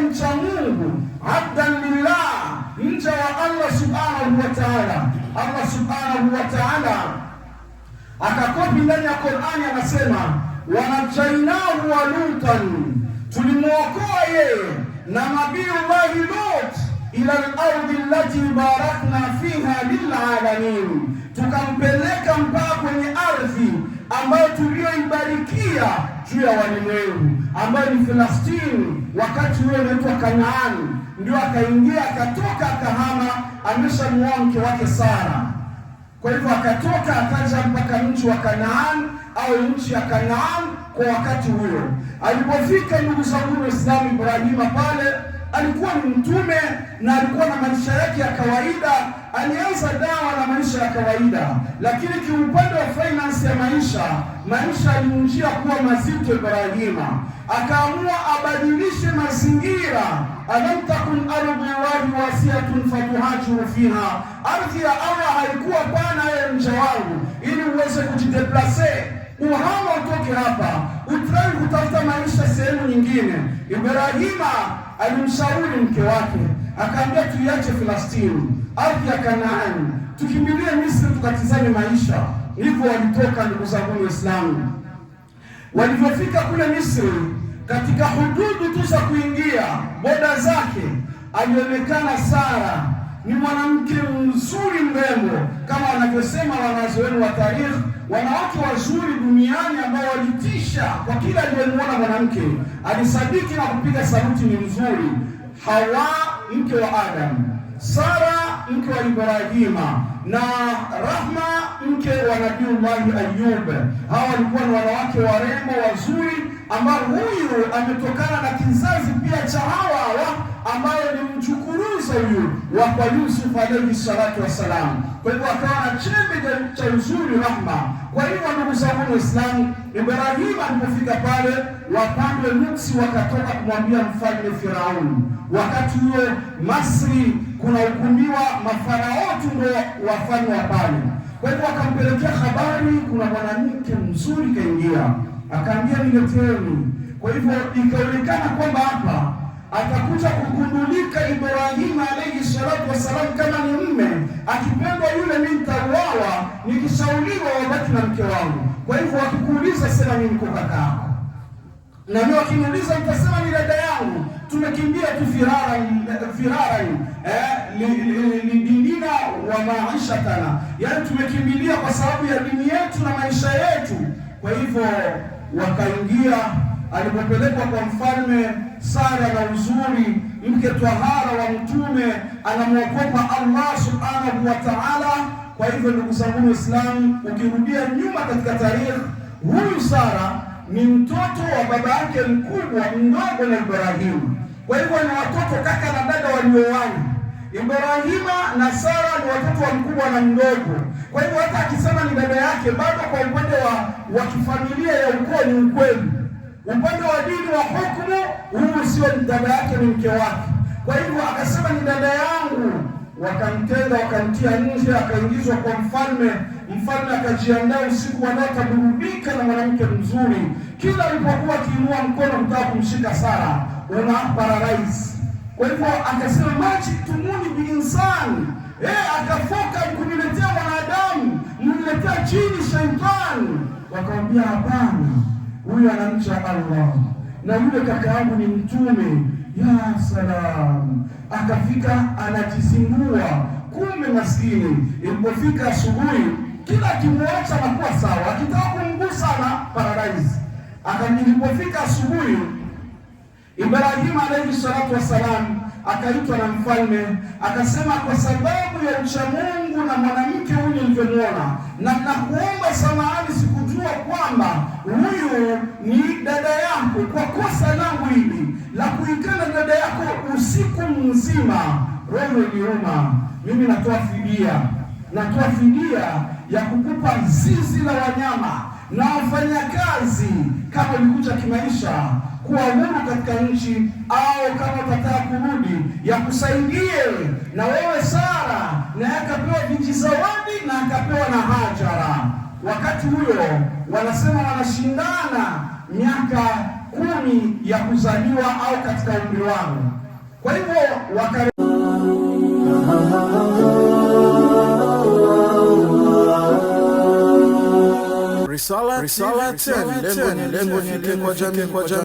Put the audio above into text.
mcha Mungu, abdan lillah, mcha wa Allah subhanahu wa ta'ala. Allah subhanahu wa ta'ala akakopi ndani ya Qur'ani, anasema najainahu wa Lutan, tulimwokoa yeye na nabiyullahi Lut ila al lati allati barakna fiha lilalamin, tukampeleka mpaka kwenye ardhi ambayo tuliyoibarikia juu ya walimwengu, ambayo ni Filastini, wakati huyo inaitwa Kanaani, ndio akaingia akatoka akahama, ameshamuoa mke wake Sara. Kwa hivyo akatoka akaja mpaka nchi wa Kanaani au nchi ya Kanaani kwa wakati huyo. Alipofika ndugu zangu Waislamu, Ibrahima pale alikuwa ni mtume na alikuwa na maisha yake ya kawaida, alianza dawa na maisha ya kawaida, lakini kiupande wa finance ya maisha, maisha alimjia kuwa mazito. Ibrahima akaamua abadilishe mazingira. alam takun ardhi llahi wasiatun fatuhajiru fiha, ardhi ya Allah haikuwa pana ya mja wangu ili uweze kujideplase uhama utoke hapa, utrai kutafuta maisha sehemu nyingine. Ibrahima alimshauri mke wake akaambia, tuiache Filastini, ardhi ya Kanaani, tukimbilie Misri tukatizame maisha. Hivyo walitoka, ndugu zangu Waislamu. Walivyofika kule Misri, katika hududu tu za kuingia boda zake, alionekana Sara ni mwanamke mzuri mrembo, kama wanavyosema wenu wa tarikh, wanawake wazuri duniani ambao walitisha kwa kila aliyemwona mwanamke, alisadiki na kupiga sauti ni mzuri. Hawa mke wa Adamu, Sara mke wa Ibrahima na Rahma mke wa Nabiullahi Ayub. Hawa walikuwa ni wanawake warembo wazuri, ambao huyu ametokana na kizazi pia cha Hawa ambayo ni mchukuruza huyu wa kwa Yusuf alayhi salatu wassalam. Kwa hivyo akawa na chembe cha uzuri rahma. Kwa hivyo ndugu zangu Waislamu, Ibrahim alipofika pale, wapande nuksi wakatoka kumwambia mfalme Firauni. Wakati huo Masri kuna ukumiwa mafaraotu ndo wafalme wa pale. Kwa hivyo akampelekea habari, kuna mwanamke mzuri kaingia, akaambia nileteni. Kwa hivyo ikaonekana kwamba hapa atakuja kugundulika Ibrahimu alayhi salatu wasalam kama ni mme akipendwa yule, mimi nitauawa nikisauliwa wakati na mke wangu. Kwa hivyo wakikuuliza, sema mimi niko kaka yako, na mimi wakiniuliza, nitasema ni dada yangu, tumekimbia tu firara firara, eh lidinina wa maisha tana, yaani tumekimbilia kwa sababu ya dini yetu na maisha yetu. Kwa hivyo wakaingia alipopelekwa kwa mfalme, sara na uzuri, mke twahara wa Mtume, anamwokopa Allah subhanahu wa taala. Kwa hivyo, ndugu zangu Waislamu, ukirudia nyuma katika tarikhi, huyu Sara ni mtoto wa baba yake mkubwa mdogo na Ibrahimu. Kwa hivyo ni watoto kaka na dada waliowani Ibrahima na Sara ni watoto wa mkubwa na mdogo. Kwa hivyo hata akisema ni dada yake, bado kwa upande wa wa kifamilia ya ukoo ni ukweli. Upande wa dini wa hukumu huyu sio ni dada yake, ni mke wake. Kwa hivyo akasema ni dada yangu, wakamtenga wakamtia nje, akaingizwa kwa mfalme. Mfalme akajiandaa usiku wa ndoto, akaburudika na mwanamke mzuri. Kila alipokuwa akiinua mkono kutaka kumshika Sara una paralyze. Kwa hivyo akasema maji tumuni bilinsani, eh, akafoka kuniletea mwanadamu, niletea chini shaitani. Wakamwambia hapana huyu anamcha Allah, na yule kaka yangu ni mtume. Ya salam, akafika anajizingua. Kumbe maskini, ilipofika asubuhi, kila akimwacha anakuwa sawa, akitaka kumgusa na paradise. Akalipofika asubuhi, Ibrahim alayhi salatu wassalam akaitwa na mfalme, akasema kwa sababu ya mcha Mungu na mwanamke huyu nilivyomwona, na nakuomba samahani siku ni dada yako, kwa kosa langu hili la kuikana dada yako usiku mzima, wewe niuma, mimi natoa fidia, natoa fidia ya kukupa zizi la wanyama na wafanyakazi, kama ulikuja kimaisha kuwa huru katika nchi, au kama utataka kurudi, ya kusaidie na wewe Sara, na akapewa vijizawadi na akapewa na Hajara Wakati huyo wanasema wanashindana miaka kumi ya kuzaliwa au katika umri wangu. Kwa hivyo wakare Risala, Risala, lengo ni lengo, fike kwa jamii.